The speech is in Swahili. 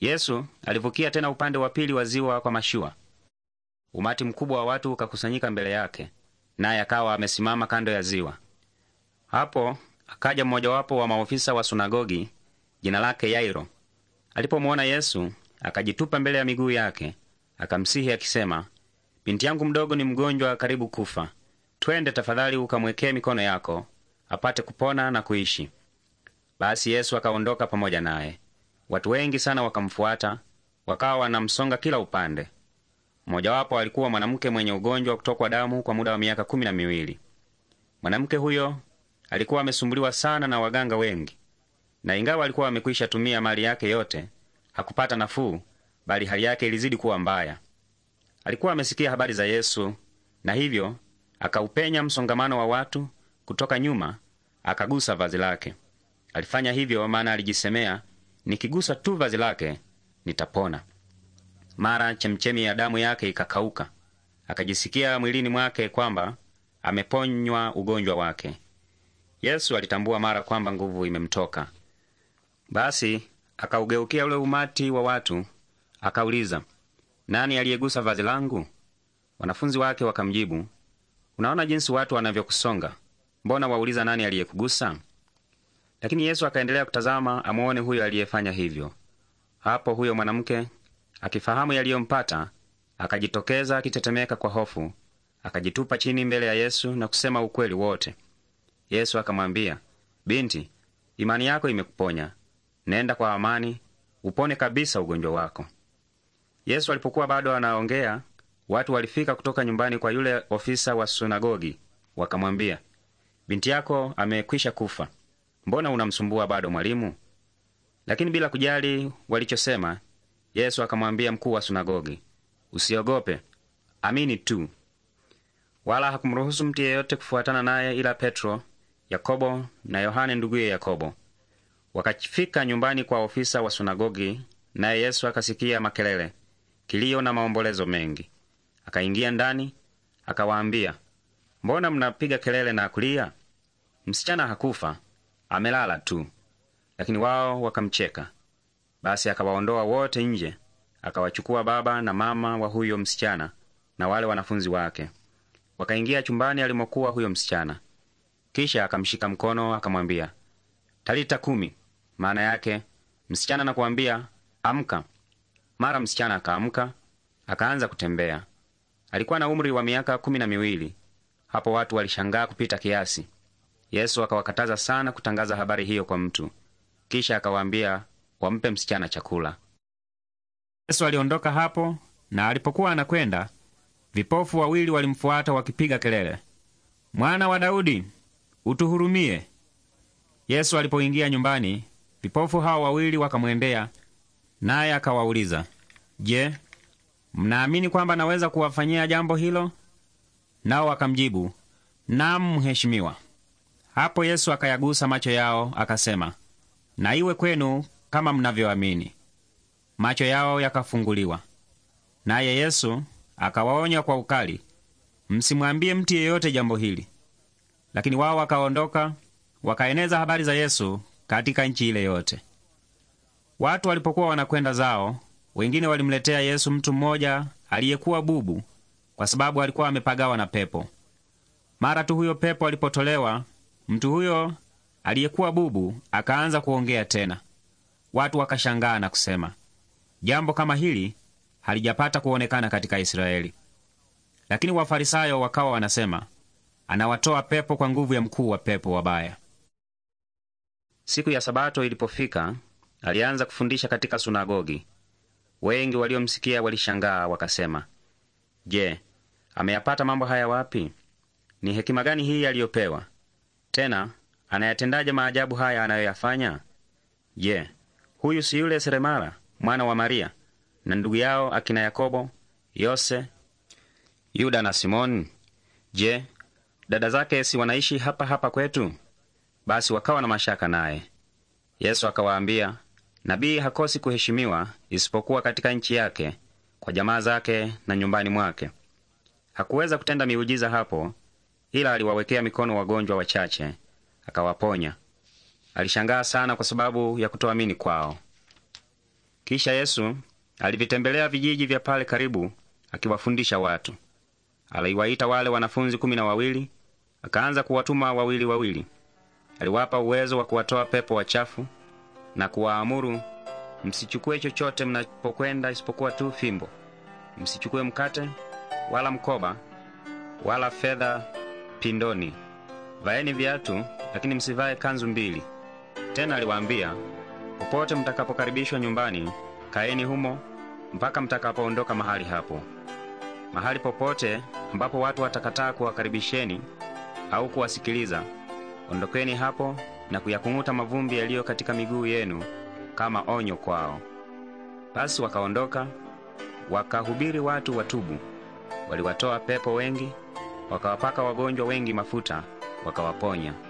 Yesu alivukia tena upande wa pili wa ziwa kwa mashua. Umati mkubwa wa watu ukakusanyika mbele yake, naye akawa amesimama kando ya ziwa. Hapo akaja mmojawapo wa maofisa wa sunagogi, jina lake Yairo. Alipomwona Yesu akajitupa mbele ya miguu yake, akamsihi akisema, binti yangu mdogo ni mgonjwa, karibu kufa. Twende tafadhali, ukamwekee mikono yako apate kupona na kuishi. Basi Yesu akaondoka pamoja naye. Watu wengi sana wakamfuata, wakawa wanamsonga kila upande. Mmojawapo alikuwa mwanamke mwenye ugonjwa wa kutokwa damu kwa muda wa miaka kumi na miwili. Mwanamke huyo alikuwa amesumbuliwa sana na waganga wengi, na ingawa alikuwa amekwisha tumia mali yake yote, hakupata nafuu, bali hali yake ilizidi kuwa mbaya. Alikuwa amesikia habari za Yesu, na hivyo akaupenya msongamano wa watu kutoka nyuma, akagusa vazi lake. Alifanya hivyo maana alijisemea, nikigusa tu vazi lake nitapona. Mara chemchemi ya damu yake ikakauka, akajisikia mwilini mwake kwamba ameponywa ugonjwa wake. Yesu alitambua mara kwamba nguvu imemtoka. Basi akaugeukia ule umati wa watu akauliza, nani aliyegusa vazi langu? Wanafunzi wake wakamjibu, unaona jinsi watu wanavyokusonga, mbona wauliza nani aliyekugusa? Lakini Yesu akaendelea kutazama amwone huyo aliyefanya hivyo. Hapo huyo mwanamke akifahamu yaliyompata, akajitokeza akitetemeka kwa hofu, akajitupa chini mbele ya Yesu na kusema ukweli wote. Yesu akamwambia, binti, imani yako imekuponya, nenda kwa amani, upone kabisa ugonjwa wako. Yesu alipokuwa bado anaongea, watu walifika kutoka nyumbani kwa yule ofisa wa sunagogi, wakamwambia, binti yako amekwisha kufa mbona unamsumbua bado mwalimu? Lakini bila kujali walichosema, Yesu akamwambia mkuu wa sunagogi, usiogope, amini tu. Wala hakumruhusu mtu yeyote kufuatana naye ila Petro, Yakobo na Yohane nduguye Yakobo. Wakafika nyumbani kwa ofisa wa sunagogi, naye Yesu akasikia makelele, kilio na maombolezo mengi. Akaingia ndani, akawaambia, mbona mnapiga kelele na kulia? Msichana hakufa, amelala tu. Lakini wao wakamcheka. Basi akawaondoa wote nje, akawachukua baba na mama wa huyo msichana na wale wanafunzi wake, wakaingia chumbani alimokuwa huyo msichana. Kisha akamshika mkono akamwambia, talita kumi, maana yake msichana nakuambia, amka. Mara msichana akaamka akaanza kutembea. Alikuwa na umri wa miaka kumi na miwili. Hapo watu walishangaa kupita kiasi. Yesu akawakataza sana kutangaza habari hiyo kwa mtu, kisha akawaambia wampe msichana chakula. Yesu aliondoka hapo, na alipokuwa anakwenda, vipofu wawili walimfuata wakipiga kelele, mwana wa Daudi, utuhurumie. Yesu alipoingia nyumbani, vipofu hao wawili wakamwendea, naye akawauliza, Je, mnaamini kwamba naweza kuwafanyia jambo hilo? Nao wakamjibu, nam, mheshimiwa. Hapo Yesu akayagusa macho yao akasema, na iwe kwenu kama mnavyoamini. Macho yao yakafunguliwa. Naye Yesu akawaonya kwa ukali, msimwambie mtu yeyote jambo hili. Lakini wao wakaondoka wakaeneza habari za Yesu katika nchi ile yote. Watu walipokuwa wanakwenda zao, wengine walimletea Yesu mtu mmoja aliyekuwa bubu, kwa sababu alikuwa amepagawa na pepo. Mara tu huyo pepo alipotolewa, Mtu huyo aliyekuwa bubu akaanza kuongea tena. Watu wakashangaa na kusema, jambo kama hili halijapata kuonekana katika Israeli. Lakini Wafarisayo wakawa wanasema, anawatoa pepo kwa nguvu ya mkuu wa pepo wabaya. Siku ya Sabato ilipofika, alianza kufundisha katika sunagogi. Wengi waliomsikia walishangaa wakasema, Je, ameyapata mambo haya wapi? Ni hekima gani hii aliyopewa? Tena anayatendaje maajabu haya anayoyafanya? Je, yeah, huyu si yule seremala mwana wa Maria na ndugu yao akina Yakobo, Yose, Yuda na Simoni? Je, dada zake si wanaishi hapa hapa kwetu? Basi wakawa na mashaka naye. Yesu akawaambia, nabii hakosi kuheshimiwa isipokuwa katika nchi yake, kwa jamaa zake na nyumbani mwake. Hakuweza kutenda miujiza hapo ila aliwawekea mikono wagonjwa wachache akawaponya. Alishangaa sana kwa sababu ya kutoamini kwao. Kisha Yesu alivitembelea vijiji vya pale karibu akiwafundisha watu. Aliwaita wale wanafunzi kumi na wawili akaanza kuwatuma wawili wawili. Aliwapa uwezo wa kuwatoa pepo wachafu na kuwaamuru, msichukue chochote mnapokwenda isipokuwa tu fimbo, msichukue mkate wala mkoba wala fedha pindoni, vaeni viatu, lakini msivae kanzu mbili. Tena aliwaambia, popote mtakapokaribishwa nyumbani, kaeni humo mpaka mtakapoondoka mahali hapo. Mahali popote ambapo watu watakataa kuwakaribisheni au kuwasikiliza, ondokeni hapo na kuyakung'uta mavumbi yaliyo katika miguu yenu kama onyo kwao. Basi wakaondoka wakahubiri watu watubu. Waliwatoa pepo wengi wakawapaka wagonjwa wengi mafuta, wakawaponya.